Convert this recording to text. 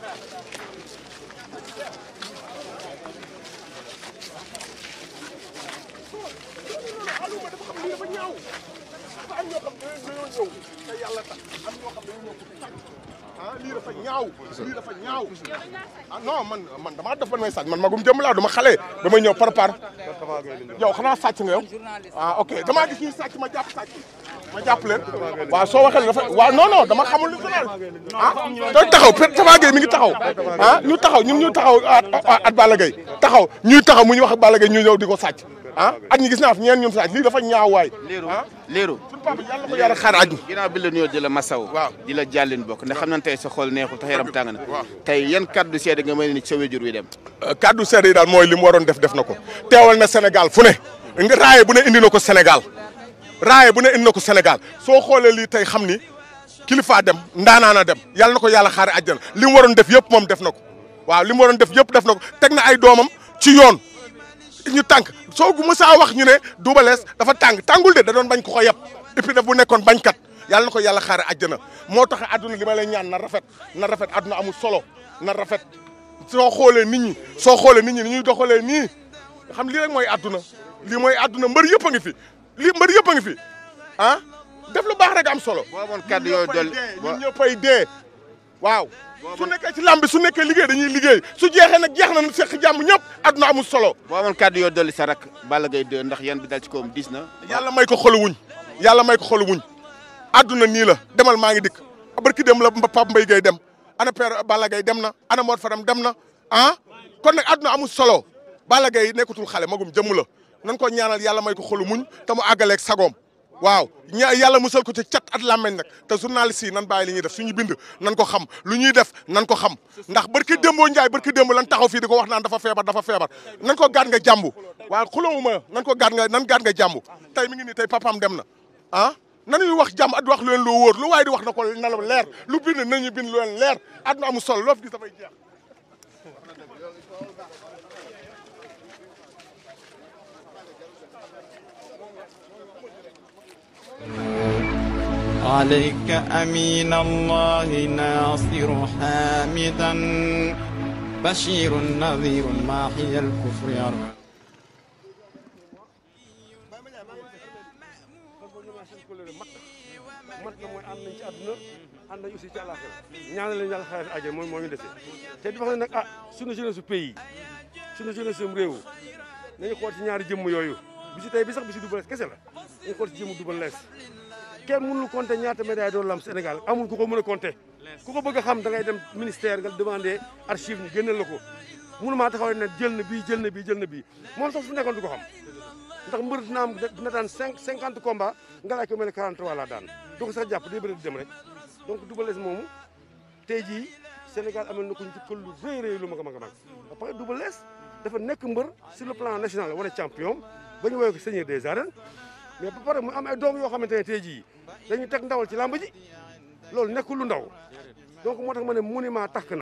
Thank you. yi dafa ñaaw dafa am ñoo xam ne dañoo lii dafa ñaaw lii dafa ñaaw ah man man damaa def ban may sàcc man magum jëm laa duma xale damay ñëw par par yow xanaa sàcc nga yow ah ok damaa gis ñuy sàcc ma jàpp sàcc ma jàpp leen waaw soo waxee waa waaw non dama xamul lu ko laal ah taxaw peut Tapha Gueye mi ngi taxaw ah ñu taxaw ñun ñu taxaw a Balla Gaye taxaw ñuy taxaw mu ñu wax ak ñu ñëw di ko sàcc ah aj ñi gis naa fi ñeen ñoom sax lii dafa ñaaw waay léeru ah. léeru ko yàlla xaar aj ginnaaw bi la nuyoo di la masaw waaw di la jàllin bokk ndax xam nañ tey sa xol neexul tax yaram tàng na tey yan kaddu seede nga may ni sa wéjur wi dem euh, kaddu seede yi daal mooy li mu waroon def def na ko teewal na senegal fu ne raaye bu ne indi na ko senegal raaye bu ne indi na ko senegal soo xoolee lii tey xam ni kilifaa dem ndaanaana dem yàlla na ko yàlla xaare àjjana li mu waroon def yëpp moom def na ko waaw li mu waroon def yëpp def na ko teg na ay doomam ci yoon ñu tànk soo gu mësaa wax ñu ne Double dafa tàng tàngul de da bañ ko ko yab et daf bu nekkoon bañkat yàlla na ko yàlla xaare àjjana moo tax àdduna li ma lay ñaan na rafet na rafet àdduna amul solo na rafet soo xoolee nit ñi soo xoolee ni ñi ni ñuy doxalee nii xam li rek mooy àdduna lii mooy àdduna mbër yëpp a ngi fi lii mbër yëpp a fi ah def lu baax rek am solo. boo amoon kàddu yooyu dolli ñun ñëppay dee waaw. su nekkee ci làmb su nekkee liggéey dañuy liggéey su jeexee nag jeex na seq jàmm ñëpp àdduna amul solo. boo amoon kàddu yoo dolli sa rak Balla Gaye 2 ndax yan bi dal ci kawam diis na. yàlla may ko xolu wuñ yàlla may ko xolu wuñ àdduna nii la demal maa ngi dikk barki dem la Pape Mbaye Gueye dem ana père Balla dem na ana Mor Fadam dem na ah kon nag àdduna amul solo Balla Gaye nekkatul xale magum jëmm la nan ko ñaanal yàlla may ko xolu muñ te mu àggaleeg sagoom waaw ña yàlla musal ko ci cet at làmmeñ nag te journaliste yi nan bàyyi li ñuy def suñu bind nan ko xam lu ñuy def nan ko xam ndax barki démboo njaay barki démb lan taxaw fii di ko wax naan dafa feebar dafa feebar nan ko gaat nga jàmbu waaw xulawuma nan ko gaat nga nan gaat nga jàmbu tey mi ngi nii tey papaam dem na ah nañuy wax jàmm at wax lu leen loo wóor lu waaye di wax na ko nalaw leer lu bind nañu bind lu leen leer àdduna amul solo loof di dafay jeex عليك أمين الله ناصر حامدا بشير نذير ماحي الكفر أربعا ànd nañ aussi ci àllaaxira ñaanal leen yàlla xaaral aje moom moo ñu dese te di wax ne nag ah suñu jeunesse su pays suñu jeunesse su réew nañu xool ci ñaari jëmm yooyu bi si tey bi sax bi si Double Less kese la nañu xool ci jëmm Double Less kenn mënul compter ñaata médaille doon la Sénégal amul ku ko mën a compter ku a xam da ngay dem ministère nga demandé archive ñu génneel la ko mënu maa taxaw ne jël na bii jël na bii jël na bii moom sax su nekkoon du ko xam ndax mbër dina am dina daan cinq cinquante combat nga laaj ko mel ne 43 laa daan du sax jàpp day bëri di dem rek donc Double Less moomu tey jii Sénégal amel na ko njukkal lu rëy rëy lu mag a mag a mag parce que Double Less dafa nekk mbër sur le plan mais ba pare mu am ay doom xamante ne tey jii dañu teg ndawal ci làmb ji loolu nekkul lu ndaw donc moo tax ma ne monument takk na